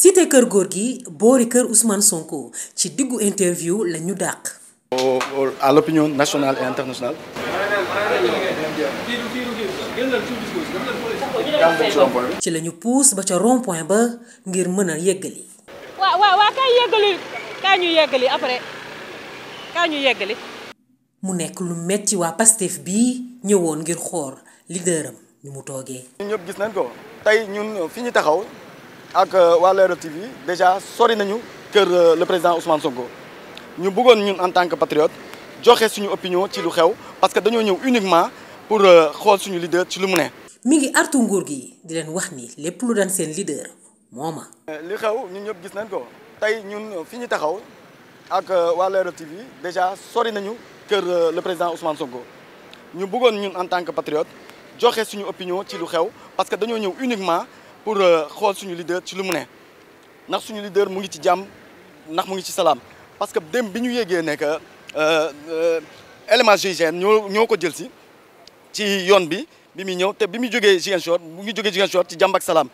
cité kër góor gi boori kër Ousmane Sonko ci diggu interview lañu ñu dàq. à l'opinion ci lañu ñu puus ba ca rond ba ngir mën a yeggali. waaw waaw kaay yeggali kaay ñu yeggali après kaay ñu yeggali. mu nekk lu metti waa Pastef bii. ñëwoon ngir xool leader am ñu mu toogee. ñun ñëpp gis nañ ko tey ñun fi ñu taxaw ak euh, waa Leral TV déjà sori nañu kër euh, le président Ousmane Sonko ñu bëggoon ñun en tant que patriote joxe suñu opinion ci lu xew parce que dañoo ñëw uniquement pour euh, xool suñu leader ci lu mu ne. mi ngi artu nguur gi wax ni lépp lu daan seen leader mooma. li xew ñun ñëpp gis nañ ko tey ñun fi ñu taxaw ak waa Leral TV déjà nañu kër le président Ousmane Sonko. ñu bëggoon ñun en tant que patriote joxe suñu opinion ci lu xew parce que dañoo ñëw uniquement pour euh, xool suñu leader ci lu mu ne ndax suñu leader mu ngi ci jàmm ndax mu ngi ci salaam parce que dem bi ñu yégee ne que élément euh, euh, GIGN ñoo ñoo ko jël si ci yoon bi bi muy ñëw te bi muy jógee Ziguinchor mu ngi jógee Ziguinchor ci jàmm salaam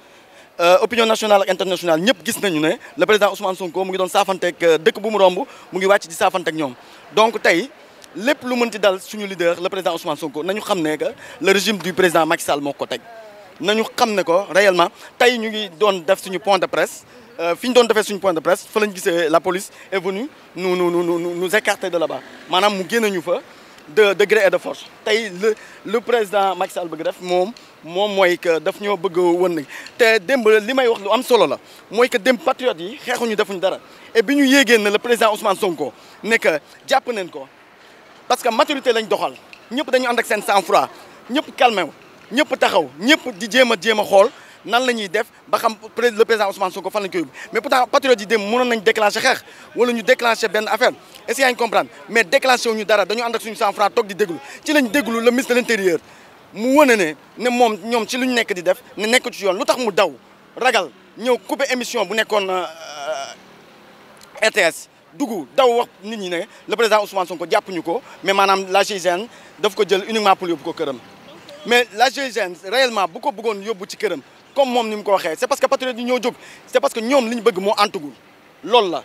opinion nationale ak internationale ñëpp gis nañu ne le président Ousmane Sonko mu ngi doon saafanteeg dëkk bu mu romb mu ngi wàcc di saafanteeg ñoom donc tey lépp lu mënti dal suñu leader le président Ousmane Sonko nañu xam ne que le régime du président Macky Sall moo ko teg nañu xam ne ko réellement tey ñu ngi doon def suñu point de presse euh, fi ñu doon defe suñu point de presse fa lañ gisee la police est venue nous nous nous nous nous écarter de là-bas maanaam mu fa de de et de force tey le le président Macky Sall bëgg def moom moom mooy que daf ñoo bëgg ni te démb li may wax lu am solo la mooy que démb patriotes yi xeexuñu defuñu dara et bi ñu yéegee ne le président Ousmane Sonko ne que jàpp nañ ko. parce que maturité lañ doxal ñëpp dañu ànd ak seen sang-froid ñëpp calmé ñëpp taxaw ñëpp di jéem a jéem a xool nan la ñuy def ba xam le président Ousmane Sonko fan la ñu koy yóbbu mais pourtant patriote yi dem mënoon nañ déclenché xeex wala ñu déclenché benn affaire est-ce que yaa ngi comprendre mais déclenché wu ñu dara dañu ànd ak suñu sang-froid toog di déglu ci lañ déglu le ministre de l'intérieur mu wane ne ne moom ñoom ci lu ñu nekk di def ne nekk ci yoon lu tax mu daw ragal ñëw coupé émission bu nekkoon euh, euh, RTS dugg daw wax nit ñi ne le président Ousmane ko jàppuñu ko mais maanaam la GIGN daf ko jël uniquement pour yóbbu ko këram. mais la GIGN réellement bu ko bëggoon yóbbu ci këram comme moom ni mu ko waxee c'est parce que patriote yi ñoo jóg c'est parce que ñoom li ñu bëgg moo antugul loolu la.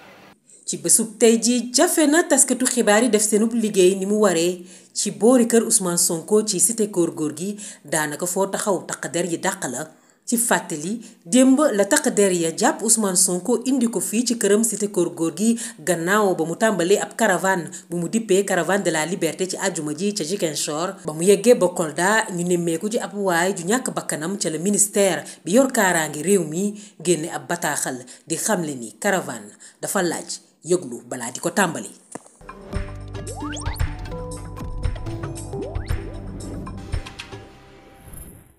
ci bésub tey jii jafe na taskatu xibaar yi def seenub liggéey ni mu waree ci boori kër Ousmane Sonko ci cité góor-góor gi daanaka foo taxaw taq der yi dàq la ci fàttali démb la takk der ya jàpp Ousmane Sonko indi ko fii ci këram cité góor gi gannaaw ba mu tàmbalee ab caravane bu mu dippee caravane de la liberté ci àjjuma ji ca Ziguinchor ba mu yeggee ba Kolda ñu nemmeeku ci ab waay ju ñàkk bakkanam ca le ministère bi yor kaaraange réew mi génne ab bataaxal di xamle ni caravane dafa laaj yëglu balaa di ko tàmbali